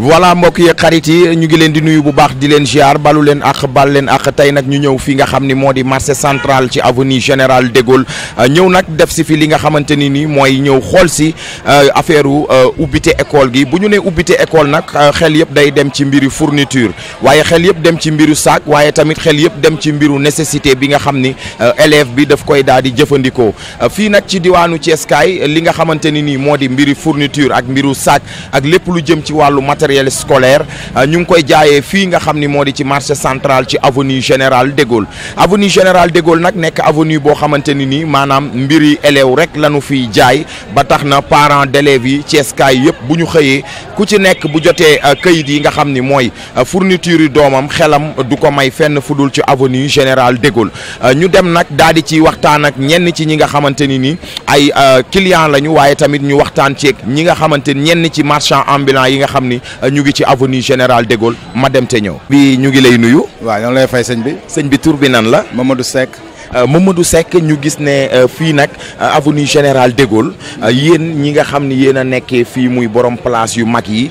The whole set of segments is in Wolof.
voilà mbokk yi xarit yi ñu ngi leen di nuyu bu baax di leen ziar balu leen ak bal leen ak tey nag ñu ñëw fi nga xam ni moo di marché central ci avenue Général de Gaulle euh, ñëw nag def si fi li nga xamante ni nii mooy ñëw xool si euh, affaire u euh, ubbite école gi bu ñu ne ubbite école nag xel yëpp day dem ci mbiru fourniture waaye xel yëpp dem ci mbiru sac waaye tamit xel yëpp dem ci mbiru nécessité bi nga xam ni élève bi daf koy daal di jëfandikoo fii nag ci diwaanu Thiès kaay li nga xamante ni nii moo di mbiru fourniture ak mbiru sac ak lépp lu jëm ci wàllu matériel matériel scolaire euh, ñu ngi koy jaayee fii nga xam ni moo di ci marché centrale ci avenue général de Gaulle avenue général de Gaulle nag nekk avenue boo xamante ni nii maanaam mbiri élève rek la ñu fiy jaay ba tax na parents d'élèves yi Ceeskaay yëpp bu ñu xëyee ku ci nekk bu jotee euh, kayit yi nga xam ni mooy euh, fourniture yi doomam xelam du ko may fenn fudul dul ci avenue général de ñu dem nag daal di ci waxtaan ak ñenn ci ñi nga xamante ni nii ay client lañu waaye tamit ñu waxtaan ceeg ñi nga xamante ñenn ci marchand ambulant yi nga xam ni Euh, ñu ngi ci avenue Général de ma dem te ñëw. bi ñu ngi lay nuyu. waa ñoo lay fay sëñ bi. sëñ bi tur bi nan la. du Mamadou Seck. Euh, Mamadou sekk ñu gis ne euh, fii nag avenue Général de Gaulle yéen ñi nga xam ni yéen a nekkee fii muy borom place yu mag yi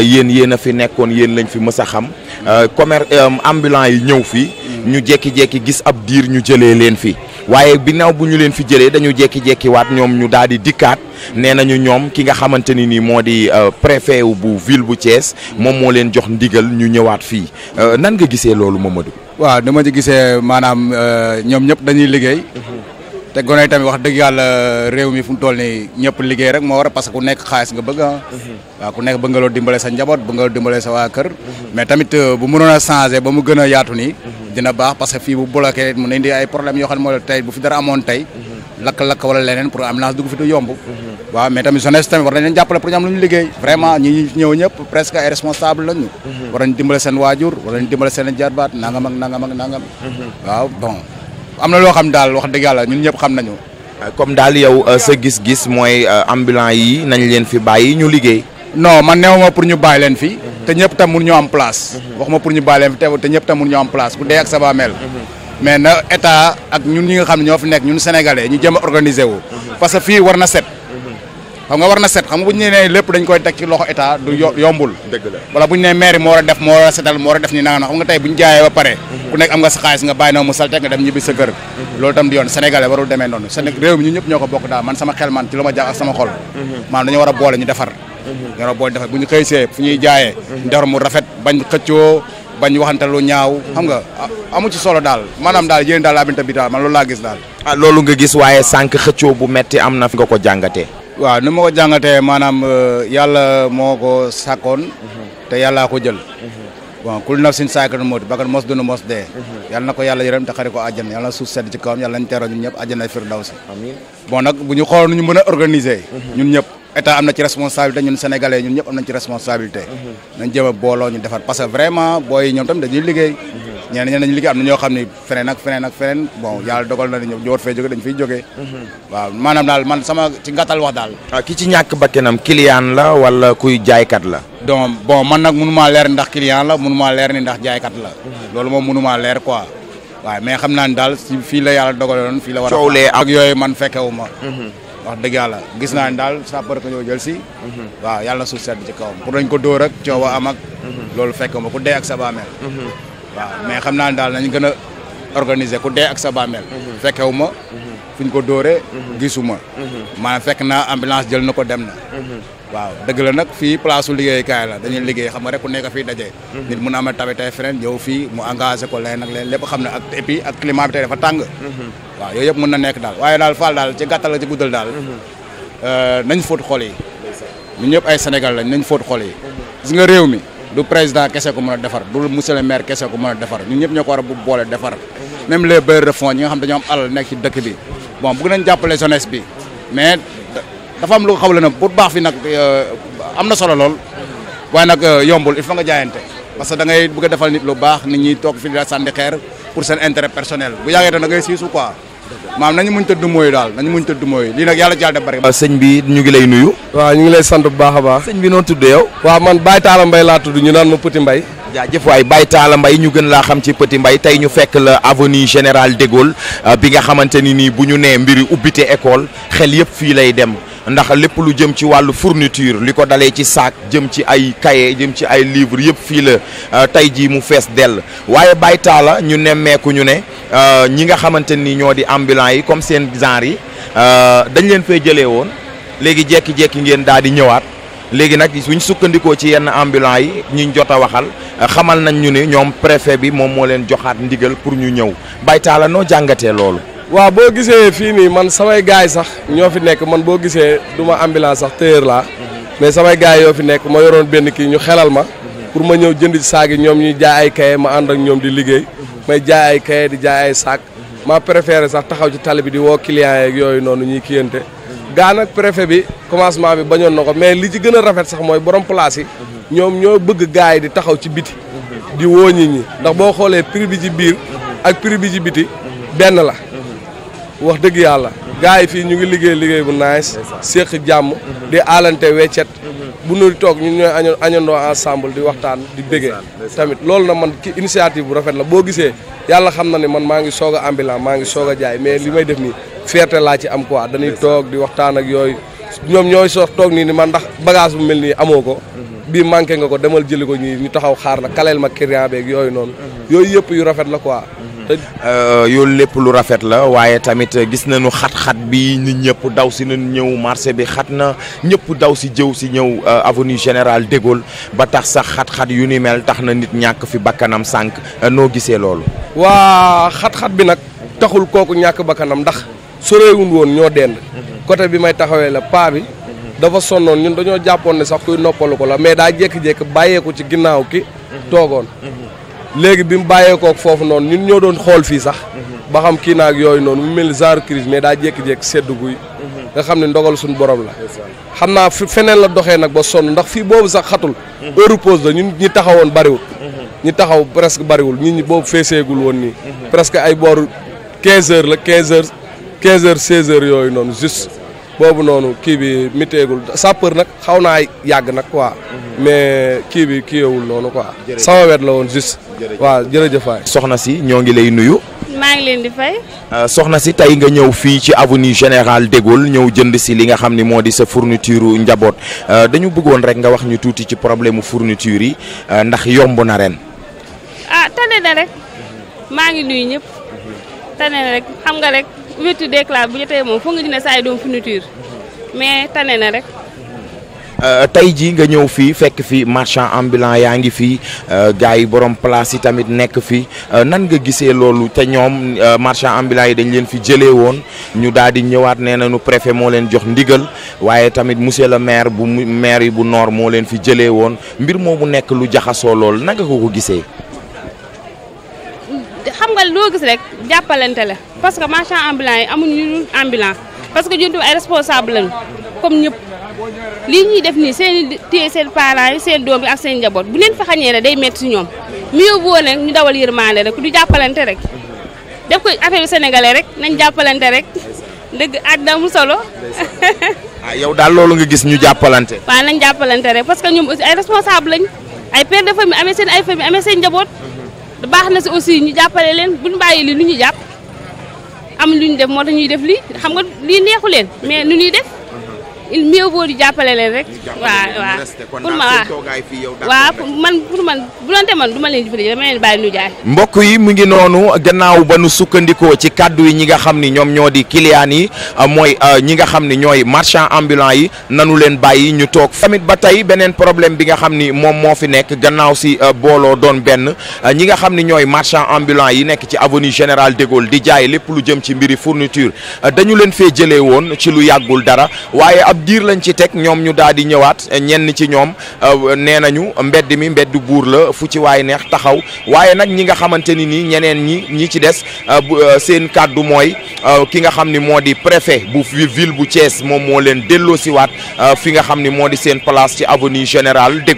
yéen yéen a fi nekkoon yéen lañ fi mës a xam commerce ambulant yi ñëw fii. ñu jékki-jékki gis ab diir ñu jëlee leen fi waaye ginnaaw bu ñu leen fi jëlee dañu jékki-jékki waat ñoom ñu daal di dikkaat. nee nañu ñoom ki nga xamante ni nii moo di euh, préfet bu ville bu cees moom moo leen jox ndigal ñu ñëwaat fii euh, nan nga gisee loolu ma Mamadou. waaw dama ci gisee maanaam euh, ñoom ñëpp dañuy liggéey. Mhm. te gone tamit wax dëgg yàlla réew mi fu mu toll nii ñëpp liggéey rek moo war parce que ku nekk xaalis nga bëgg ah. Mhm. waaw ku nekk bëgg nga dimbale sa njaboot bëgg nga loo dimbale sa waa kër. Mhm. mais tamit bu mënoon a changé ba mu gën a yaatu nii. dina baax parce que fii bu bloqué mun na indi ay yoo xam ne mooy tey bu fi dara amoon tey. lakk-lakk wala leneen pour ambulance dugg fi du yomb. waaw mais tamit jeunesse tamit war nañ leen jàppale pour ñu am lu ñu liggéey vraiment ñi ñëw ñëpp presque ay responsable lañu mhm. war nañ dimbale seen waajur war nañ dimbale seen jarbaat nangam ak nangam ak nangam mhm. waaw bon am na loo xam daal wax dëgg yàlla ñun ñëpp xam nañu euh, comme daal yow euh, sa gis-gis mooy euh, ambulant yi nañ leen fi bàyyi ñu liggéey non man neew ma mhm. pour ñu bàyyi leen fi te ñëpp tam mun ñoo am place wax pour ñu bàyyi leen fi te ñëpp tam mun ñoo am place bu dee fi nekk ñun sénégalais ñu jëm a organiser wu parce que xam nga war na set xam nga bu ñu nee lépp dañ koy teg ci loxo état du yombul wala bu ñu nee maire moo war a def moo war a setal moo war a def ni nanga xam nga tey bu ñu jaayee ba pare ku nekk am na mu salte nga dem ñibbi sa kër loolu tam di yoon sénégalais warul demee noonu réew mi ñu ñëpp ñoo ko bokk daal man sama xel man ci war a boole ñu defar dañoo a boole ñu bu ñu xëysee fu ñuy jaayee ñu mu rafet bañ xëccoo bañ waxante lu ñaaw xam nga amu ci solo daal maanaam daal yéen daal labinta bi daal man loolu laa gis daal ah loolu nga gis waaye sànq xëccoo bu metti am na fi nga ko jàngatee waaw ni ma ko jàngatee maanaam euh, yàlla moo ko sàkkoon te yàllaa ko jël bon kul nafsin saakatu mooti bakkan mos dunu mos dee yàlla na ko yàlla yërëm te xari ko àjjana yàlla na suuf sedd ci kawam yàlla nañ teeroo ñun ñëpp àjjana firdawsi amiin bon nag bu ñu xooloon ñu mën a organiser mhm. ñun ñëpp état am na ci responsabilité ñun sénégalais ñun ñëpp am nañ ci responsabilité mhm. nañ jëm a booloo ñu defar parce que vraiment booy ñoom tamit dañuy liggéey mhm. ñeneen ñeneen ñi liggéey am na ñoo xam ne feneen ak feneen ak feneen bon yàlla dogal na ne ñoom ñoo war fee jóge dañ fiy jógee mhm. waaw maanaam daal man sama ci ngàttal wax daal ah, ki ci ñàkk bakkanam client la wala kuy jaaykat la donc bon man nag mënumaa leer ndax client la mënumaa leer ni ndax jaaykat la mhm. loolu moom mënumaa leer quoi waaw mais xam naa ne daal fii la yàlla dogaloon fii la war a ak yooyu man fekkewu ma mhm. wax dëgg yàlla gis naa ne daal sapeur ko ñoo jël si waaw yàlla na suuf sedd ci kawam pour dañ ko dóor ak coow a am ak loolu fekkewu ma ku dee ak sa baameel waaw mais xam naa ne daal nañ gën a organiser ku dee ak sa bàmmeel fekkewu ma fuñ ko dóoree gisuma maanaam fekk naa ambulance jël na ko dem na waaw dëgg la nag fii place su liggéeykaay la dañuy liggéey xam nga rek ku nekk fii daje. nit mun a amee tabi tey feneen ñëw fii mu engagé ko leen ak lépp xam ne ak et ak climat bi tey tàng waaw yooyu yëpp mën na nekk daal waaye daal Fall daal ci gàttal ci guddal daal euh, nañ fóot xol yi ñun ñëpp ay Sénégal lañ nañ fóot xol du président kese ko mën a defar du monsieur maire kese ko mën a defar ñun ñëpp ñoo ko a bu boole defar même les bailleurs de fonds nga xam dañoo am alal nekk ci dëkk bi bon bëgg nañ jàppale jeunesse bi mais dafa am lu xaw la na pour baax fi nag euh, am na solo lool waaye nag euh, yombul il faut nga jaayante parce que da ngay defal nit lu baax nit ñi toog fi di la pour seen intérêt personnel bu yàggee da ngay siisu quoi maam nañu muñ tëdd mooy daal nañu muñ tëdd mooy lii nag yàlla jaal de bari sëñ bi ñu ngi lay nuyu waaw ñu ngi lay sant bu baax a baax sëñ bi noo tudd yow waaw man Baye Talla Mbaye laa tudd ñu naan ma Petit Mbaye jaajëf waay ñu gën laa xam ci Petit Mbaye tey ñu fekk la avenue Général de euh, bi nga xamante ni nii bu ñu nee mbiri ubbite école xel yëpp fii lay dem ndax lépp lu jëm ci wàllu fourniture li ko dalee ci saak jëm ci ay kaye jëm ci ay livre yëpp fii la euh, tey jii mu fees dell waaye Baye Talla ñu nemmeeku ñu ne Euh, ñi nga xamante ni ñoo di ambulants yi comme seen genre yi euh, dañ leen fay jëlee woon léegi jekki-jekki ngeen daal di ñëwaat léegi nag suñ sukkandikoo ci yenn ambulants yi ñu jot a waxal euh, xamal nañ ñu ne ñoom préfet bi moom moo leen joxaat ndigal pour ñu ñëw baytaala noo jàngatee loolu. waaw boo gisee fii nii man samay gaay sax ñoo fi nekk man boo gisee du ma ambulance sax téer laa mais samay gaay yoo fi nekk ma yoroon benn kii ñu xelal ma pour ma ñëw jënd saagi ñoom ñuy jaay ay ma ànd ak ñoom di liggéey may jaay ay kaye di jaay ay sac ma préféré sax taxaw ci tali bi di woo clients yeeg yooyu noonu ñuy kiyante gaa nag préfet bi commencement bi bañoon na ko mais li ci gën a rafet sax mooy borom place yi ñoom ñoo bëgg gars yi di taxaw ci biti di woo nit ñi ndax boo xoolee prix bi ci biir ak prix bi ci biti benn la wax dëgg yàlla gars yi fii ñu ngi liggéey liggéey bu nice séq jàmm di aalante weccet bu nuy toog ñun ñooy año añandoo ensemble di waxtaan di béggee tamit loolu na man ki initiative bu rafet la boo gisee yàlla xam na ne man maa ngi soog a ambulant maa ngi soog a jaay mais li may def nii fierté laa ci am quoi dañuy toog di waxtaan ak yooyu ñoom ñooy soo toog nii ni man dax bagage bu mel nii amoo ko mhm. bii manqué nga ko demal jëli ko ñii ñu taxaw xaar la kaleel ma client beeg yooyu noonu mhm. yooyu yëpp yu rafet la quoi mhm. Euh, yoo lépp lu rafet la waaye tamit gis na nu xat-xat bi nit ñëpp daw si nañu ñëw marché bi xat na ñëpp daw si jëw si ñëw euh, avenue Général de ba tax sax xat-xat yu ni mel tax na nit ñàkk fi bakkanam sànq euh, noo gisee loolu. waa xat-xat bi nag taxul kooku ñàkk bakkanam ndax soreewul woon ñoo dend. côté bi may taxawee la paa bi. dafa sonnoon ñun dañoo jàppoon ne sax kuy noppalu ko la mais daa jékki-jékki bàyyeeku ci ginnaaw ki toogoon. léegi bi mu bàyyeekook foofu noonu ñun ñoo doon xool fii sax mhm. ba xam kii naag yooyu noonu mu mel ni genre crise mais daa jékki-jékki seddu guy mhm. nga xam ne ndogal suñu borom la xam naa fi feneen la doxee nag ba sonn ndax fii boobu sax xatul mhm. heure pause la ñun ñi taxawoon bariwul ñi taxaw presque bariwul nit ñi boobu feeseegul woon nii presque ay booru 15 heures la 15 heures 15 heures 16 yooyu noonu juste boobu noonu kii bi miteegul sapeur nag xaw naa yàgg nag quoi. Mhm. mais kii bi kiiwul noonu quoi. sama wet la woon juste. waaw jërëjëf waay. soxna si ñoo ngi lay nuyu. maa ngi leen di fay. Euh, soxna si tey nga ñëw fii ci avenue Général de Gaulle ñëw jënd si li nga xam ni moo di sa fourniture njaboot euh, dañu buggoon rek nga wax ñu tuuti ci problème mu fourniture yi euh, ndax yomb na ren. ah tane na rek. Mhm. maa ngi nuyu ñëpp. Mhm. tane na rek xam nga rek. ouverture des classes bu jotee moom foog nga dina saa yi doom fourniture mais tane na rek. Euh, tey jii nga ñëw fii fekk fi marchand ambulant yaa ngi fi euh, gars yi borom place yi tamit nekk fi euh, nan nga gisee loolu ca ñoom marchand ambulant yi dañ leen fi jëlee woon ñu daal di ñëwaat nee nañu préfet moo leen jox ndigal waaye tamit monsieur le maire bu maire yi bu noor moo leen fi jëlee woon mbir moomu nekk lu jaxasoo lool nanga ko ko gisee. xam nga loo gis rek jàppalante la parce que marchand ambulant yi amuñu lu ambulant parce que ñun ay responsable lañu comme ñëpp lii ñuy def nii seen i seen parents yi seen doom yi ak seen njaboot bu leen fa xañee ne day metti si ñoom mieux vaut nag ñu dawal yërmande rek du jàppalante rek def ko affaire sénégalais rek nañ jàppalante rek dëgg àddina mu solo. ah yow daal loolu nga gis ñu jàppalante. waaw nañ jàppalante rek parce que ñoom aussi ay responsable lañ ay père de famille amee seen ay famille amee seen njaboot. baax na si aussi ñu jàppale leen buñ bàyyi li lu ñu jàpp am lu ñu def moo tax ñuy def lii xam nga lii neexu leen nu ñuy il mieux vaut jàppale leen rek. waaw waaw pour ma waaw man pour man bu leen jëfandikoo dama jaay. mbokk yi mu ngi noonu gannaaw ba nu sukkandikoo ci kàddu yi ñi nga xam ni ñoom ñoo di clients yi euh, mooy euh, ñi nga xam ni ñooy marchand ambulant yi nanu leen bàyyi ñu toog. tamit ba tey beneen problème bi nga xam ni moom moo fi nekk gannaaw si euh, booloo doon benn ñi nga xam ni ñooy marchand ambulant yi nekk ci avenue Général de di jaay lépp lu jëm ci mbiri fourniture dañu leen fee jëlee woon ci lu yàggul dara ab diir lañ ci teg ñoom ñu daal di ñëwaat ñenn ci ñoom euh, nee nañu mbedd mi mbedd buur la fu ci waay neex taxaw waaye nag ñi nga xamante ni nii ñeneen ñi ñi ci des euh, euh, seen kàddu mooy ki nga xam ni moo di préfet bu ville bu Thiès moom moo leen delloosiwaat fi nga xam ni moo di seen place ci avenue Général de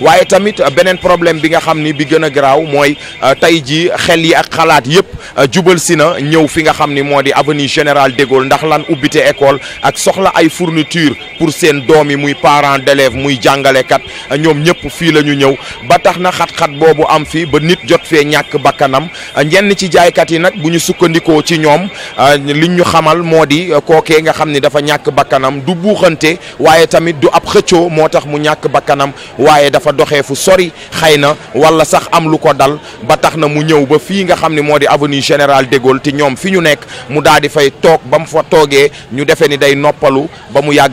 waaye tamit beneen problème bi nga xam ni bi gën a garaaw mooy tey ji xel yi ak xalaat yëpp jubal si na ñëw fi nga xam ni moo di avenue Général de ndax lan ubbite école structure pour seen doom yi muy parents d'élèves muy jàngalekat ñoom ñëpp fii la ñu ñëw ba tax na xat-xat boobu am fii ba nit jot fee ñàkk bakkanam jenn ci jaaykat yi nag bu ñu sukkandikoo ci ñoom euh, li ñu xamal moo di euh, kookee nga xam ni dafa ñàkk bakkanam du buuxante waaye tamit du ab xëccoo moo tax mu ñàkk bakkanam waaye dafa doxee fu sori xëy na wala sax am lu ko dal ba tax na mu ñëw ba fii nga xam ne moo di avenue Général de Gaulle ñoom fi ñu nekk mu daal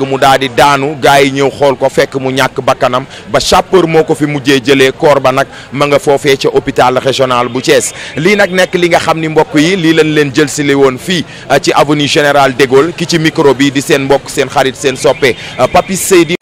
yàgg mu daal di daanu gars yi ñëw xool ko fekk mu ñàkk bakkanam ba sapeur moo ko fi mujjee jëlee koor ba nag ma nga foofee ca hôpital régional bu Thiès lii nag nekk li nga xam ni mbokk yi lii lañ leen jël si li woon fii ah, ci avenue Général de Gaulle ki ci micro bi di seen mbokk seen xarit seen soppe ah, Papis Seydi